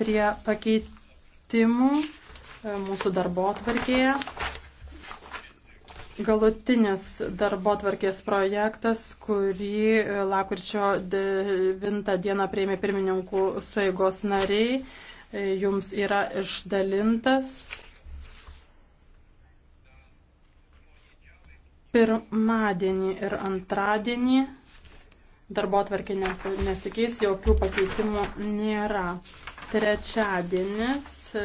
prie pakeitimų e, mūsų darbo atvarkėje. Galutinis darbo atvarkės projektas, kurį e, lakurčio 9 dieną prieimė pirmininkų saigos nariai, e, jums yra išdalintas. Pirmadienį ir antradienį darbo atvarkė nesikeis, jokių pakeitimų nėra. Trečiadienis e,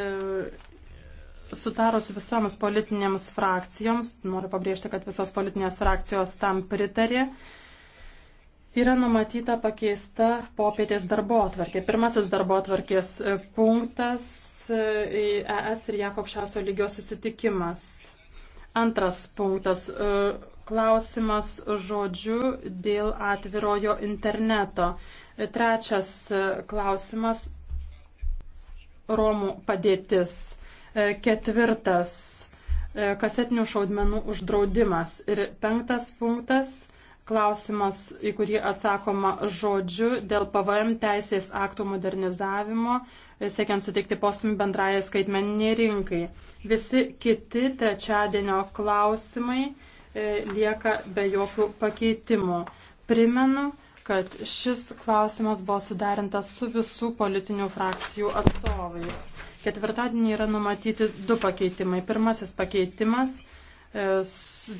sutarus visoms politinėms frakcijoms, noriu pabrėžti, kad visos politinės frakcijos tam pritarė, yra numatyta pakeista popietės darbo atvarkė. Pirmasis darbo atvarkės e, punktas ES e ir JAF aukščiausio lygio susitikimas. Antras punktas klausimas žodžiu dėl atvirojo interneto. Trečias klausimas Romų padėtis. E, ketvirtas e, - kasetinių šaudmenų uždraudimas. Ir penktas punktas - klausimas, į kurį atsakoma žodžiu dėl PVM teisės aktų modernizavimo, e, siekiant suteikti postumį bendrajai skaitmeniniai rinkai. Visi kiti trečiadienio klausimai lieka be jokių pakeitimų. Primenu, kad šis klausimas buvo sudarintas su visų politinių frakcijų atstovais. Ketvirtadienį yra numatyti du pakeitimai. Pirmasis pakeitimas e,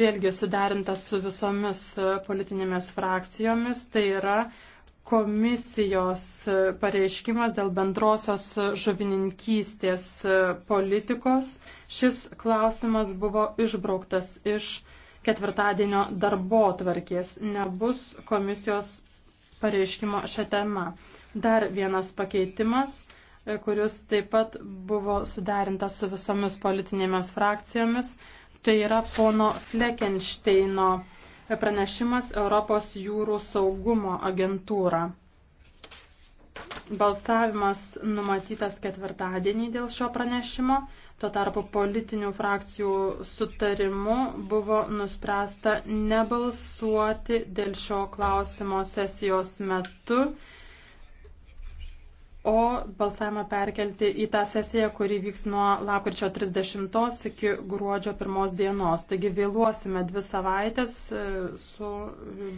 vėlgi sudarintas su visomis e, politinėmis frakcijomis, tai yra komisijos e, pareiškimas dėl bendrosios žuvininkystės politikos. Šis klausimas buvo išbrauktas iš ketvirtadienio darbo tvarkės. Nebus komisijos pareiškimo šią temą. Dar vienas pakeitimas, e, kuris taip pat buvo suderintas su visomis politinėmis frakcijomis, tai yra pono Fleckensteino pranešimas Europos jūrų saugumo agentūra. Balsavimas numatytas ketvirtadienį dėl šio pranešimo. Tuo tarpu politinių frakcijų sutarimu buvo nuspręsta nebalsuoti dėl šio klausimo sesijos metu, o balsavimą perkelti į tą sesiją, kuri vyks nuo lapkričio 30 iki gruodžio 1 dienos. Taigi vėluosime dvi savaitės e, su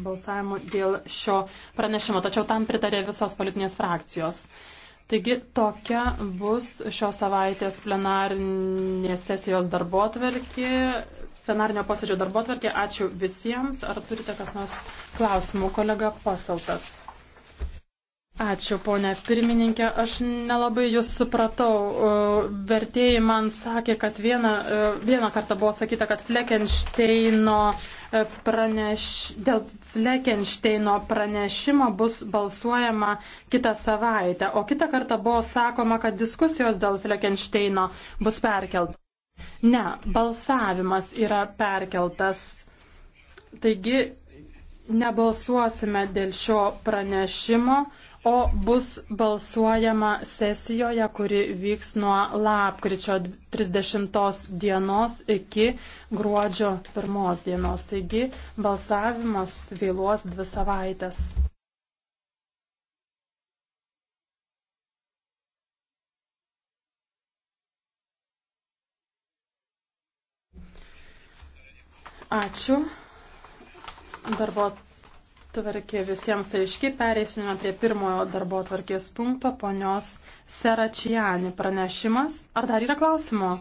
balsavimu dėl šio pranešimo, tačiau tam pritarė visos politinės frakcijos. Taigi tokia bus šios savaitės plenarinės sesijos darbotvarkė, plenarinio posėdžio darbotvarkė. Ačiū visiems. Ar turite kas nors klausimų, kolega Pasaltas? Ačiū, ponė pirmininkė. Aš nelabai jūs supratau. Vertėjai man sakė, kad vieną, e, vieną kartą buvo sakyta, kad Fleckensteino e, praneš, dėl Fleckensteino pranešimo bus balsuojama kitą savaitę, o kitą kartą buvo sakoma, kad diskusijos dėl Fleckensteino bus perkeltas. Ne, balsavimas yra perkeltas. Taigi nebalsuosime dėl šio pranešimo, o bus balsuojama sesijoje, kuri vyks nuo lapkričio 30 dienos iki gruodžio 1 dienos. Taigi balsavimas vėluos dvi savaitės. Ačiū. Darbo Tvarkė visiems aiški, pereisime prie pirmojo darbo tvarkės punkto, ponios Seračiani pranešimas. Ar dar yra klausimo?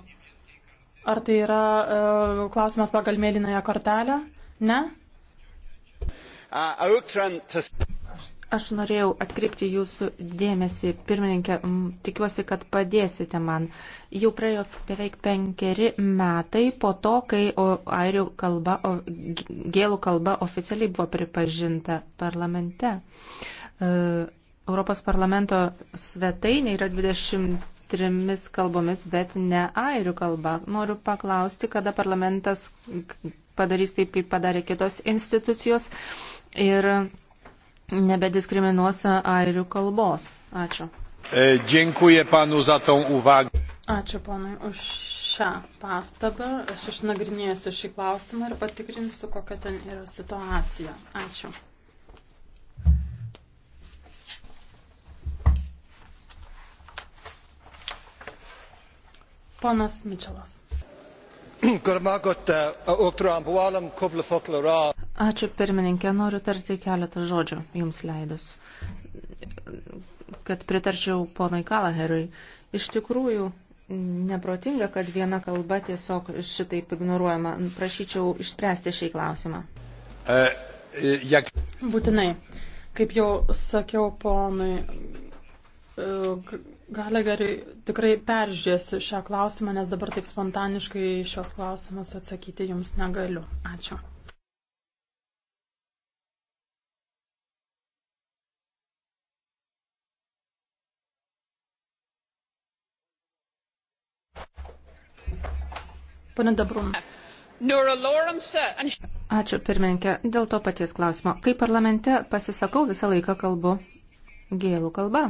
Ar tai yra uh, klausimas pagal mėlynąją kortelę? Ne? Uh, Aš norėjau atkreipti jūsų dėmesį, pirmininkė, tikiuosi, kad padėsite man. Jau praėjo beveik penkeri metai po to, kai airių kalba, gėlų kalba oficialiai buvo pripažinta parlamente. E, Europos parlamento svetainė yra 20 trimis kalbomis, bet ne airių kalba. Noriu paklausti, kada parlamentas padarys taip, kaip padarė kitos institucijos. Ir nebediskriminuos airių kalbos. Ačiū. E, dziękuję panu za tą uwagę. Ačiū ponui už šią pastabą. Aš išnagrinėsiu šį klausimą ir patikrinsiu, kokia ten yra situacija. Ačiū. Ponas Mičelas. Ačiū pirmininkė, noriu tarti keletą žodžių jums leidus, kad pritarčiau ponui Kalaheriui. Iš tikrųjų, neprotinga, kad viena kalba tiesiog šitaip ignoruojama. Prašyčiau išspręsti šį klausimą. E, e jak... Būtinai. Kaip jau sakiau ponui e, Galegeriui, tikrai peržiūrėsiu šią klausimą, nes dabar taip spontaniškai šios klausimus atsakyti jums negaliu. Ačiū. Pane Dabrun. Ačiū pirmininkė. Dėl to paties klausimo. Kai parlamente pasisakau, visą laiką kalbu gėlų kalba.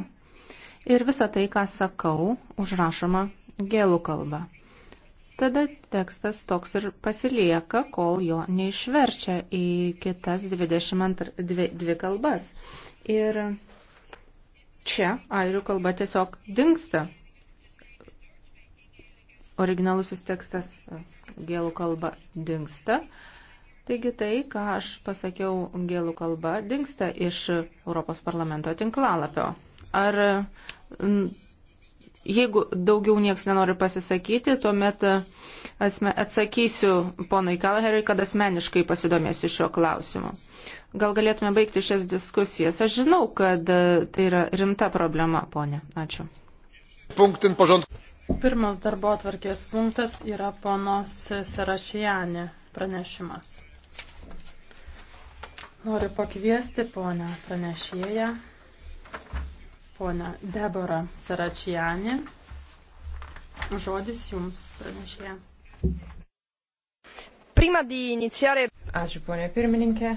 Ir visą tai, ką sakau, užrašoma gėlų kalba. Tada tekstas toks ir pasilieka, kol jo neišverčia į kitas 22 kalbas. Ir čia airių kalba tiesiog dinksta originalusis tekstas gėlų kalba dinksta. Taigi tai, ką aš pasakiau gėlų kalba, dinksta iš Europos parlamento tinklalapio. Ar jeigu daugiau nieks nenori pasisakyti, tuomet asme, atsakysiu ponai Kalaheriui, kad asmeniškai pasidomėsiu šiuo klausimu. Gal galėtume baigti šias diskusijas. Aš žinau, kad e, tai yra rimta problema, ponė. Ačiū. Punktin, pažant... Pirmas darbo atvarkės punktas yra ponos Serašijanė pranešimas. Noriu pakviesti ponę pranešėją, ponę Deborą Seračijanį. Žodis jums pranešėja. Prima di iniziare. Ačiū, ponė pirmininkė.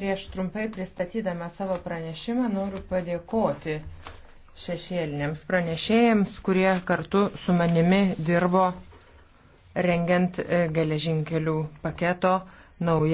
Prieš trumpai pristatydama savo pranešimą noriu padėkoti šešėliniams pranešėjams, kurie kartu su manimi dirbo rengiant e, geležinkelių paketo naują.